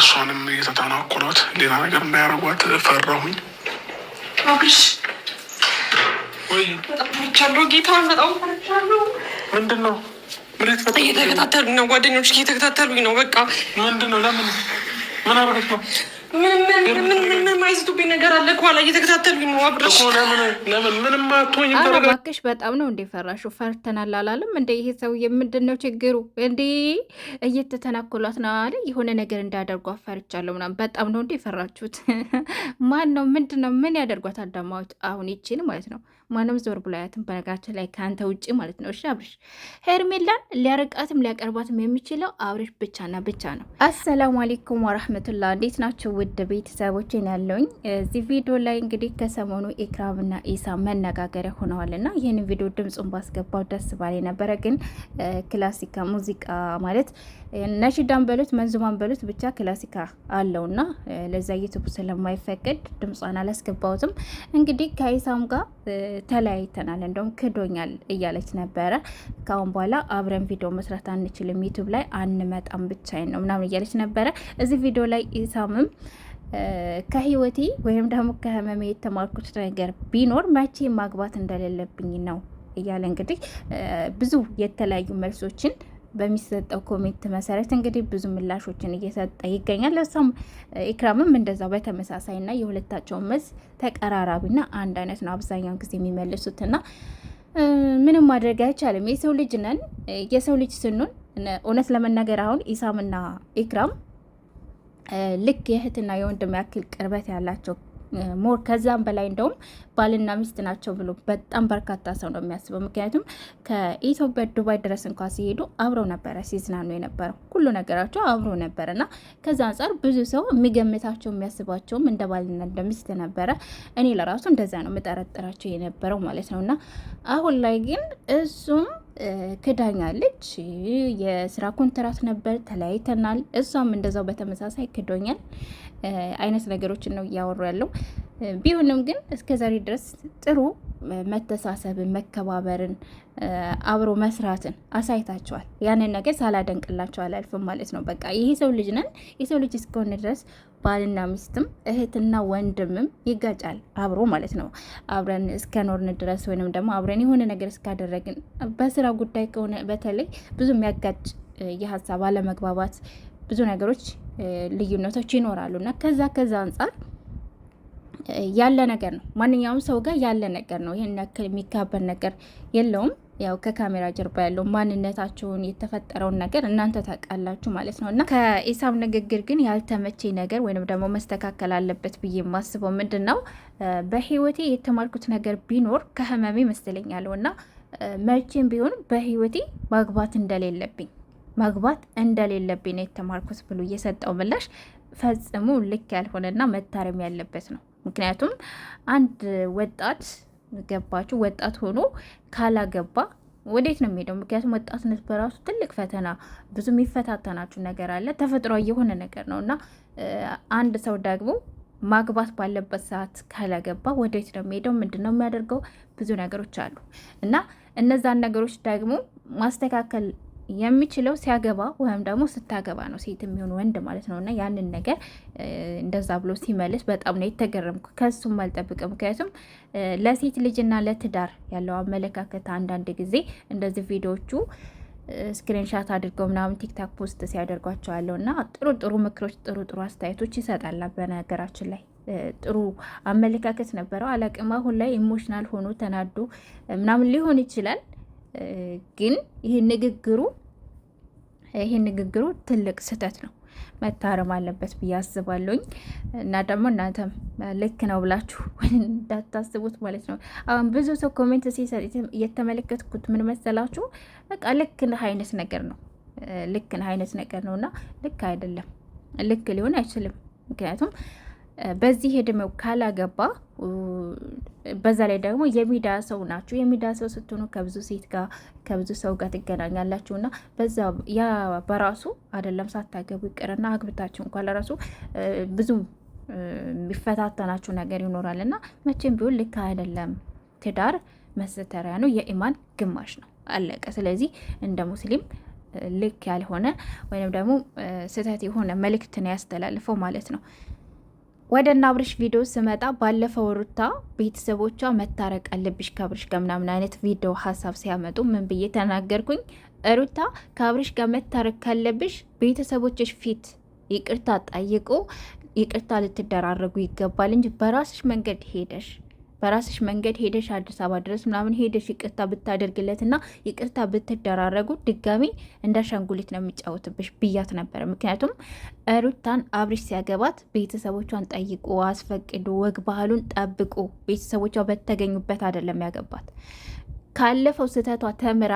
እሷንም የተተናኮሏት ሌላ ነገር እንዳያረጓት ፈራሁኝ። ጌታን ነው ጓደኞች እየተከታተሉኝ ነው። በቃ ምንድን ነው? ለምን ምን አረገች ነው? የማይዝቱብኝ ነገር አለ። ኋላ እየተከታተሉኝ ነው። አብረሽ ለምን ማቶኝ እባክሽ። በጣም ነው እንዴ ፈራሹ ፈርተናል አላለም እንደ ይሄ ሰው ምንድን ነው ችግሩ? እንደ እየተተናኮሏት ነው አለ የሆነ ነገር እንዳያደርጉ አፈርቻለሁ ምናምን። በጣም ነው እንዴ ፈራችሁት? ማን ነው ምንድን ነው ምን ያደርጓት? አዳማዎች አሁን ይችን ማለት ነው ማንም ዞር ብሎ አያትም። በነገራችን ላይ ከአንተ ውጭ ማለት ነው። እሺ አብርሽ ሄርሜላን ሊያርቃትም ሊያቀርባትም የሚችለው አብርሽ ብቻና ብቻ ነው። አሰላሙ አሌይኩም ወረህመቱላ እንዴት ናቸው ውድ ቤተሰቦቼን ያለው ብያለሁኝ። እዚህ ቪዲዮ ላይ እንግዲህ ከሰሞኑ ኢክራምና ኢሳ መነጋገሪያ ሆነዋል እና ይህንን ቪዲዮ ድምፁን ባስገባው ደስ ባለ ነበረ። ግን ክላሲካ ሙዚቃ ማለት ነሽዳን በሉት መንዙማን በሉት ብቻ ክላሲካ አለው እና ለዛ ዩቱብ ስለማይፈቅድ ድምጿን አላስገባውትም። እንግዲህ ከኢሳም ጋር ተለያይተናል፣ እንደውም ክዶኛል እያለች ነበረ። ካሁን በኋላ አብረን ቪዲዮ መስራት አንችልም፣ ዩቱብ ላይ አንመጣም፣ ብቻዬን ነው ምናምን እያለች ነበረ። እዚህ ቪዲዮ ላይ ኢሳምም ከህይወቴ ወይም ደግሞ ከህመሜ የተማርኩት ነገር ቢኖር መቼ ማግባት እንደሌለብኝ ነው እያለ እንግዲህ ብዙ የተለያዩ መልሶችን በሚሰጠው ኮሜንት መሰረት እንግዲህ ብዙ ምላሾችን እየሰጠ ይገኛል። እሷም ኢክራምም እንደዛው በተመሳሳይና የሁለታቸውን መልስ ተቀራራቢና አንድ አይነት ነው አብዛኛውን ጊዜ የሚመልሱት ና ምንም ማድረግ አይቻልም። የሰው ልጅ ነን። የሰው ልጅ ስንሆን እውነት ለመናገር አሁን ኢሳምና ኢክራም ልክ የእህትና የወንድም ያክል ቅርበት ያላቸው ሞር ከዛም በላይ እንደውም ባልና ሚስት ናቸው ብሎ በጣም በርካታ ሰው ነው የሚያስበው። ምክንያቱም ከኢትዮጵያ ዱባይ ድረስ እንኳ ሲሄዱ አብረው ነበረ ሲዝናኑ የነበረው ሁሉ ነገራቸው አብሮ ነበረ እና ከዛ አንጻር ብዙ ሰው የሚገምታቸው የሚያስባቸውም እንደ ባልና እንደ ሚስት ነበረ። እኔ ለራሱ እንደዛ ነው የምጠረጥራቸው የነበረው ማለት ነው እና አሁን ላይ ግን እሱም ክዳኛለች። የስራ ኮንትራት ነበር፣ ተለያይተናል። እሷም እንደዛው በተመሳሳይ ክዶኛል አይነት ነገሮችን ነው እያወሩ ያለው። ቢሆንም ግን እስከ ዛሬ ድረስ ጥሩ መተሳሰብን፣ መከባበርን፣ አብሮ መስራትን አሳይታቸዋል ያንን ነገር ሳላደንቅላቸው አላልፍም ማለት ነው። በቃ ይሄ ሰው ልጅ ነን። የሰው ልጅ እስከሆነ ድረስ ባልና ሚስትም እህትና ወንድምም ይጋጫል አብሮ ማለት ነው። አብረን እስከኖርን ድረስ ወይንም ደግሞ አብረን የሆነ ነገር እስካደረግን በስራ ጉዳይ ከሆነ በተለይ ብዙ የሚያጋጭ የሀሳብ አለመግባባት ብዙ ነገሮች ልዩነቶች ይኖራሉ እና ከዛ ከዛ አንጻር ያለ ነገር ነው። ማንኛውም ሰው ጋር ያለ ነገር ነው። ይህን ያክል የሚካበድ ነገር የለውም። ያው ከካሜራ ጀርባ ያለው ማንነታቸውን የተፈጠረውን ነገር እናንተ ታውቃላችሁ ማለት ነው። እና ከኢሳም ንግግር ግን ያልተመቼ ነገር ወይንም ደግሞ መስተካከል አለበት ብዬ የማስበው ምንድን ነው በህይወቴ የተማርኩት ነገር ቢኖር ከህመሜ መስለኛለሁ እና መቼም ቢሆን በህይወቴ ማግባት እንደሌለብኝ ማግባት እንደሌለብኝ ነው የተማርኩት ብሎ እየሰጠው ምላሽ ፈጽሞ ልክ ያልሆነና መታረም ያለበት ነው። ምክንያቱም አንድ ወጣት ገባችሁ ወጣት ሆኖ ካላገባ ወዴት ነው የሚሄደው? ምክንያቱም ወጣትነት በራሱ ትልቅ ፈተና፣ ብዙ የሚፈታተናችሁ ነገር አለ። ተፈጥሮ የሆነ ነገር ነው እና አንድ ሰው ደግሞ ማግባት ባለበት ሰዓት ካላገባ ወዴት ነው የሚሄደው? ምንድን ነው የሚያደርገው? ብዙ ነገሮች አሉ እና እነዛን ነገሮች ደግሞ ማስተካከል የሚችለው ሲያገባ ወይም ደግሞ ስታገባ ነው፣ ሴት የሚሆን ወንድ ማለት ነው። እና ያንን ነገር እንደዛ ብሎ ሲመልስ በጣም ነው የተገረምኩ። ከሱም አልጠብቅም። ምክንያቱም ለሴት ልጅና ለትዳር ያለው አመለካከት አንዳንድ ጊዜ እንደዚህ ቪዲዮቹ ስክሪንሻት አድርገው ምናምን ቲክታክ ፖስት ሲያደርጓቸዋለሁ እና ጥሩ ጥሩ ምክሮች፣ ጥሩ ጥሩ አስተያየቶች ይሰጣል። በነገራችን ላይ ጥሩ አመለካከት ነበረው። አላቅም አሁን ላይ ኢሞሽናል ሆኖ ተናዶ ምናምን ሊሆን ይችላል ግን ይህ ንግግሩ ይሄ ንግግሩ ትልቅ ስህተት ነው፣ መታረም አለበት ብዬ አስባለሁኝ። እና ደግሞ እናንተም ልክ ነው ብላችሁ እንዳታስቡት ማለት ነው። አሁን ብዙ ሰው ኮሜንት ሲሰጥ እየተመለከትኩት ምን መሰላችሁ? በቃ ልክ ነህ አይነት ነገር ነው፣ ልክ ነህ አይነት ነገር ነው እና ልክ አይደለም፣ ልክ ሊሆን አይችልም ምክንያቱም በዚህ እድሜው ካላገባ በዛ ላይ ደግሞ የሚዲያ ሰው ናችሁ። የሚዲያ ሰው ስትሆኑ ከብዙ ሴት ጋር ከብዙ ሰው ጋር ትገናኛላችሁ እና በዛ ያ በራሱ አይደለም ሳታገቡ ይቅርና አግብታችሁ እንኳን ለራሱ ብዙ የሚፈታተናችሁ ነገር ይኖራል እና መቼም ቢሆን ልክ አይደለም። ትዳር መሰተሪያ ነው፣ የኢማን ግማሽ ነው። አለቀ። ስለዚህ እንደ ሙስሊም ልክ ያልሆነ ወይም ደግሞ ስህተት የሆነ መልእክትን ያስተላልፈው ማለት ነው። ወደ እና ቪዲዮ ስመጣ ባለፈው ሩታ ቤተሰቦቿ መታረቅ አለብሽ ከብርሽ ጋር ምናምን አይነት ቪዲዮ ሀሳብ ሲያመጡ ምን ብዬ ተናገርኩኝ? ሩታ ከብርሽ ጋር መታረቅ ካለብሽ ቤተሰቦችሽ ፊት ይቅርታ ጠይቁ ይቅርታ ልትደራረጉ ይገባል እንጂ በራስሽ መንገድ ሄደሽ በራስሽ መንገድ ሄደሽ አዲስ አበባ ድረስ ምናምን ሄደሽ ይቅርታ ብታደርግለት እና ይቅርታ ብትደራረጉ ድጋሚ እንዳሻንጉሊት ነው የሚጫወትብሽ ብያት ነበረ። ምክንያቱም ሩታን አብርሽ ሲያገባት ቤተሰቦቿን ጠይቁ፣ አስፈቅዱ፣ ወግ ባህሉን ጠብቁ። ቤተሰቦቿ በተገኙበት አይደለም ያገባት። ካለፈው ስህተቷ ተምራ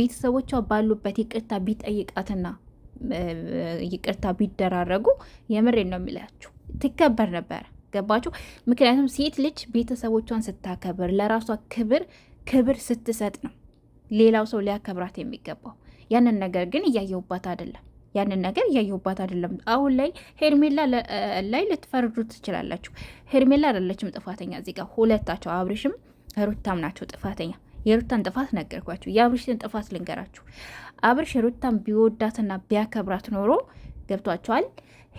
ቤተሰቦቿ ባሉበት ይቅርታ ቢጠይቃትና ይቅርታ ቢደራረጉ የምሬን ነው የሚላችሁ ትከበር ነበረ። ገባችሁ? ምክንያቱም ሴት ልጅ ቤተሰቦቿን ስታከብር ለራሷ ክብር ክብር ስትሰጥ ነው ሌላው ሰው ሊያከብራት የሚገባው። ያንን ነገር ግን እያየሁባት አይደለም ያንን ነገር እያየሁባት አይደለም። አሁን ላይ ሄርሜላ ላይ ልትፈርዱ ትችላላችሁ። ሄርሜላ አይደለችም ጥፋተኛ እዚህ ጋር ሁለታቸው አብርሽም ሩታም ናቸው ጥፋተኛ። የሩታን ጥፋት ነገርኳችሁ። የአብርሽን ጥፋት ልንገራችሁ። አብርሽ ሩታን ቢወዳትና ቢያከብራት ኖሮ ገብቷቸዋል።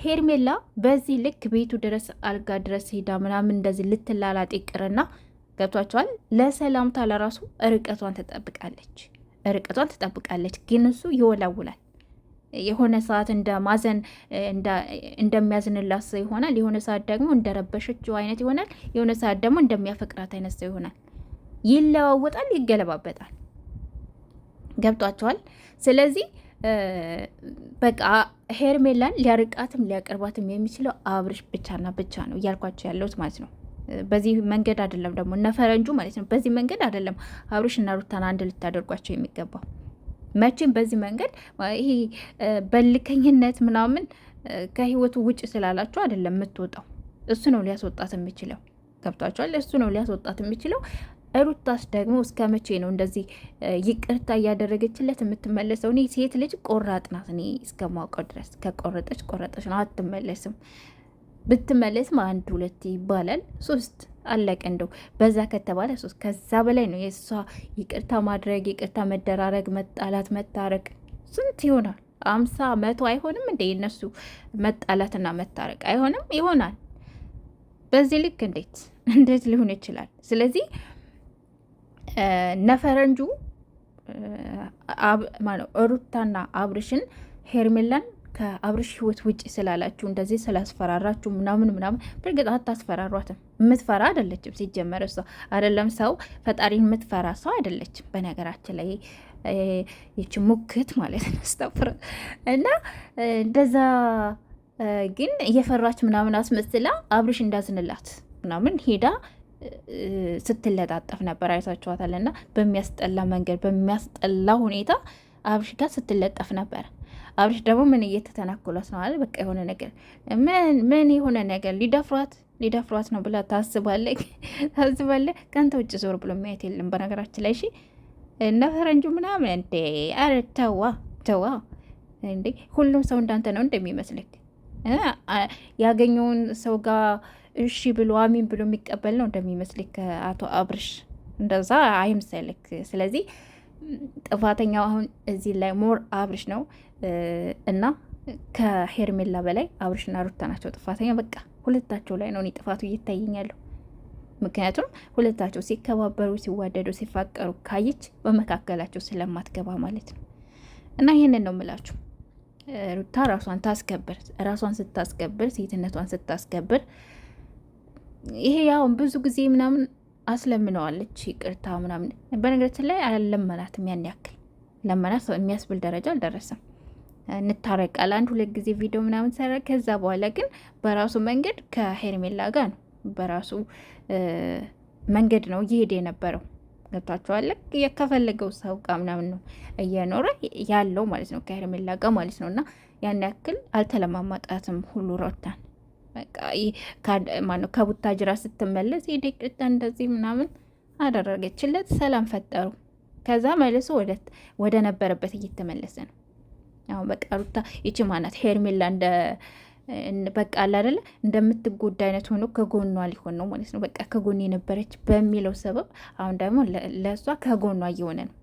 ሄርሜላ በዚህ ልክ ቤቱ ድረስ አልጋ ድረስ ሄዳ ምናምን እንደዚህ ልትላላጥ ይቅርና ገብቷቸዋል። ለሰላምታ ለራሱ ርቀቷን ትጠብቃለች ርቀቷን ትጠብቃለች። ግን እሱ ይወላውላል። የሆነ ሰዓት እንደ ማዘን እንደሚያዝንላት ሰው ይሆናል። የሆነ ሰዓት ደግሞ እንደረበሸችው አይነት ይሆናል። የሆነ ሰዓት ደግሞ እንደሚያፈቅራት አይነት ሰው ይሆናል። ይለዋወጣል፣ ይገለባበጣል። ገብቷቸዋል። ስለዚህ በቃ ሄርሜላን ሊያርቃትም ሊያቀርባትም የሚችለው አብርሽ ብቻና ብቻ ነው እያልኳቸው ያለሁት ማለት ነው። በዚህ መንገድ አይደለም ደግሞ እነ ፈረንጁ ማለት ነው። በዚህ መንገድ አይደለም አብርሽ እና ሩታን አንድ ልታደርጓቸው የሚገባው መቼም በዚህ መንገድ ይሄ በልከኝነት ምናምን ከህይወቱ ውጭ ስላላቸው አይደለም የምትወጣው። እሱ ነው ሊያስወጣት የሚችለው ገብቷቸዋል። እሱ ነው ሊያስወጣት የሚችለው ሩታስ ደግሞ እስከ መቼ ነው እንደዚህ ይቅርታ እያደረገችለት የምትመለሰው? እኔ ሴት ልጅ ቆራጥ ናት። እኔ እስከማውቀው ድረስ ከቆረጠች ቆረጠች ነው፣ አትመለስም። ብትመለስም አንድ ሁለት ይባላል፣ ሶስት አለቀ። እንደው በዛ ከተባለ ሶስት፣ ከዛ በላይ ነው የእሷ ይቅርታ ማድረግ ይቅርታ መደራረግ፣ መጣላት፣ መታረቅ ስንት ይሆናል? አምሳ መቶ አይሆንም እንዴ? የነሱ መጣላትና መታረቅ አይሆንም? ይሆናል። በዚህ ልክ እንዴት እንዴት ሊሆን ይችላል? ስለዚህ ነፈረንጁ ሩታና አብርሽን ሄርሜላን ከአብርሽ ህይወት ውጭ ስላላችሁ እንደዚህ ስላስፈራራችሁ ምናምን ምናምን፣ በእርግጥ አታስፈራሯትም። የምትፈራ አይደለችም። ሲጀመር እሷ አይደለም ሰው ፈጣሪን የምትፈራ ሰው አይደለችም። በነገራችን ላይ ይች ሙክት ማለት ነስተፍር እና እንደዛ ግን እየፈራች ምናምን አስመስላ አብርሽ እንዳዝንላት ምናምን ሄዳ ስትለጣጠፍ ነበር አይታችኋታል። እና በሚያስጠላ መንገድ በሚያስጠላ ሁኔታ አብርሽ ጋር ስትለጠፍ ነበር። አብርሽ ደግሞ ምን እየተተናኮሏት ነው አለ። በቃ የሆነ ነገር ምን የሆነ ነገር ሊደፍሯት ሊደፍሯት ነው ብላ ታስባለ ታስባለ። ከአንተ ውጭ ዞር ብሎ የሚያየት የለም በነገራችን ላይ እሺ። እና ፈረንጁ ምናምን እንዴ! ተዋ ተዋ እንዴ! ሁሉም ሰው እንዳንተ ነው እንደሚመስልክ ያገኘውን ሰው ጋር እሺ ብሎ አሚን ብሎ የሚቀበል ነው እንደሚመስል ከአቶ አብርሽ እንደዛ አይምሰልክ። ስለዚህ ጥፋተኛው አሁን እዚህ ላይ ሞር አብርሽ ነው እና ከሄርሜላ በላይ አብርሽና ሩታ ናቸው ጥፋተኛ። በቃ ሁለታቸው ላይ ነው እኔ ጥፋቱ እየታየኛለሁ። ምክንያቱም ሁለታቸው ሲከባበሩ፣ ሲዋደዱ፣ ሲፋቀሩ ካየች በመካከላቸው ስለማትገባ ማለት ነው። እና ይህንን ነው የምላችሁ። ሩታ ራሷን ታስከብር። ራሷን ስታስከብር፣ ሴትነቷን ስታስከብር ይሄ ያው ብዙ ጊዜ ምናምን አስለምነዋለች ይቅርታ ምናምን። በነገራችን ላይ አለመናትም፣ ያን ያክል ለመናት የሚያስብል ደረጃ አልደረሰም። እንታረቃል አንድ ሁለት ጊዜ ቪዲዮ ምናምን ሰራ። ከዛ በኋላ ግን በራሱ መንገድ ከሄርሜላ ጋር ነው በራሱ መንገድ ነው እየሄደ የነበረው። ገብታችኋል። የከፈለገው ሰው ጋር ምናምን ነው እየኖረ ያለው ማለት ነው፣ ከሄርሜላ ጋር ማለት ነው። እና ያን ያክል አልተለማማጣትም ሁሉ ሮታን በቃ ማነው ከቡታጅራ ስትመለስ የደቂቃ እንደዚህ ምናምን አደረገችለት። ሰላም ፈጠሩ። ከዛ መልሶ ወደ ነበረበት እየተመለሰ ነው። አሁን በቃ ሩታ ይቺ ማናት ሄርሜላ እንደ በቃ አለ አይደለ እንደምትጎዳ አይነት ሆኖ ከጎኗ ሊሆን ነው ማለት ነው። በቃ ከጎን የነበረች በሚለው ሰበብ አሁን ደግሞ ለእሷ ከጎኗ እየሆነ ነው።